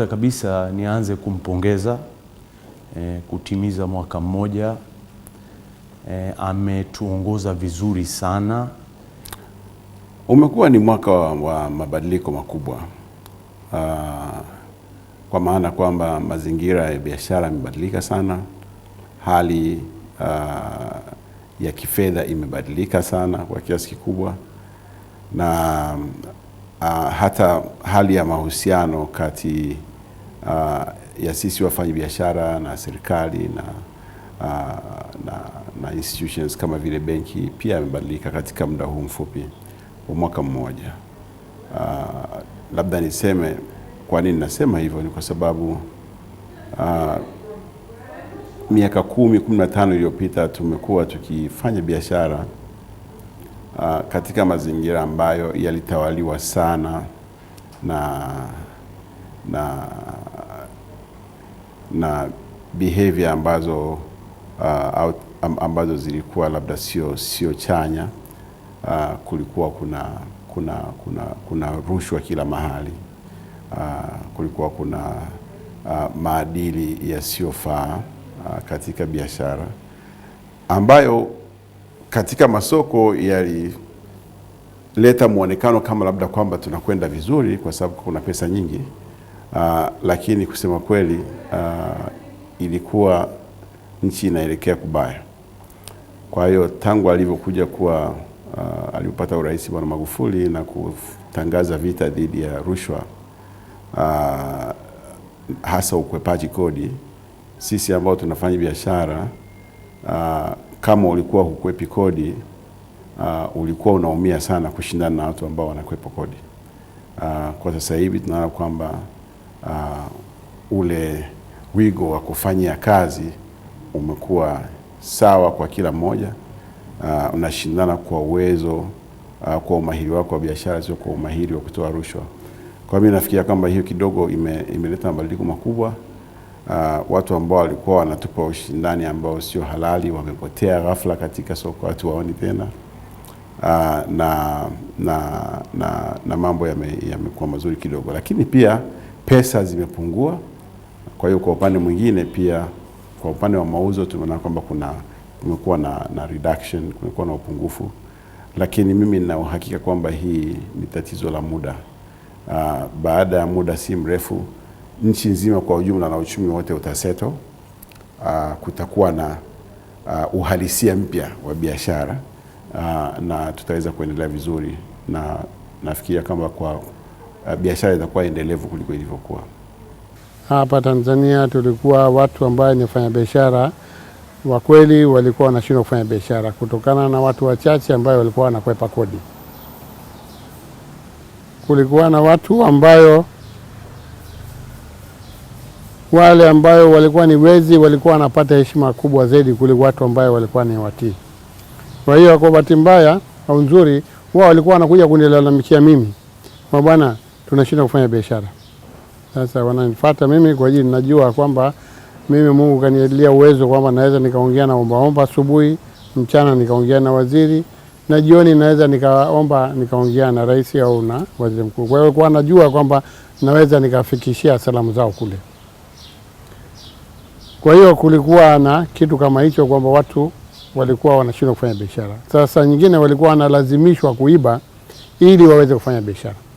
kwanza kabisa nianze kumpongeza e, kutimiza mwaka mmoja e, ametuongoza vizuri sana. Umekuwa ni mwaka wa, wa mabadiliko makubwa aa, ah, kwa maana kwamba mazingira ya biashara yamebadilika sana, hali aa, ah, ya kifedha imebadilika sana kwa kiasi kikubwa na Uh, hata hali ya mahusiano kati uh, ya sisi wafanya biashara na serikali na, uh, na, na institutions kama vile benki pia yamebadilika katika muda huu mfupi wa mwaka mmoja. Uh, labda niseme kwa nini nasema hivyo, ni kwa sababu uh, miaka kumi kumi na tano iliyopita tumekuwa tukifanya biashara uh, katika mazingira ambayo yalitawaliwa sana na na na behavior ambazo, uh, out, ambazo zilikuwa labda sio sio chanya. Uh, kulikuwa kuna kuna kuna kuna rushwa kila mahali. Uh, kulikuwa kuna uh, maadili yasiyofaa uh, katika biashara ambayo katika masoko yalileta mwonekano kama labda kwamba tunakwenda vizuri kwa sababu kuna pesa nyingi. Ah, lakini kusema kweli uh, ilikuwa nchi inaelekea kubaya. Kwa hiyo tangu alivyokuja kuwa uh, ah, alipopata urais Bwana Magufuli na kutangaza vita dhidi ya rushwa uh, hasa ukwepaji kodi, sisi ambao tunafanya biashara uh, kama ulikuwa hukwepi kodi uh, ulikuwa unaumia sana kushindana na watu ambao wanakwepa kodi. Uh, kwa sasa hivi tunaona kwamba uh, ule wigo wa kufanyia kazi umekuwa sawa kwa kila mmoja. Uh, unashindana kwa uwezo uh, kwa umahiri wako wa biashara, sio kwa umahiri wa kutoa rushwa. Kwa mimi nafikiria kwamba hiyo kidogo ime, imeleta mabadiliko makubwa. Uh, watu ambao walikuwa wanatupa ushindani ambao sio halali wamepotea ghafla katika soko, watu waoni tena uh, na, na, na, na mambo yamekuwa yame mazuri kidogo, lakini pia pesa zimepungua. Kwa hiyo kwa upande mwingine pia kwa upande wa mauzo tumeona kwamba kuna kumekuwa na, na reduction, kumekuwa na upungufu, lakini mimi nina uhakika kwamba hii ni tatizo la muda. Uh, baada ya muda si mrefu nchi nzima kwa ujumla na uchumi wote utaseto. Uh, ah, kutakuwa na uh, uhalisia mpya wa biashara na tutaweza kuendelea vizuri na nafikiria kwamba kwa uh, biashara itakuwa endelevu kuliko ilivyokuwa hapa Tanzania. Tulikuwa watu ambaye ni biashara wa kweli walikuwa wanashindwa kufanya biashara kutokana na watu wachache ambayo walikuwa wanakwepa kodi. Kulikuwa na watu ambayo wale ambayo walikuwa ni wezi walikuwa wanapata heshima kubwa zaidi kuliko watu ambayo walikuwa ni watii. Kwa hiyo kwa bahati mbaya au nzuri, wao walikuwa wanakuja kunilalamikia mimi, bwana tunashindwa kufanya biashara. Sasa wananifuata mimi kwa ajili najua kwamba mimi Mungu kanialia uwezo kwamba naweza nikaongea na ombaomba asubuhi, mchana nikaongea na waziri na jioni naweza nikaomba nikaongea na rais au na waziri mkuu. Kwa hiyo kwa najua kwamba naweza nikafikishia salamu zao kule. Kwa hiyo kulikuwa na kitu kama hicho kwamba watu walikuwa wanashindwa kufanya biashara. Sasa nyingine walikuwa wanalazimishwa kuiba ili waweze kufanya biashara.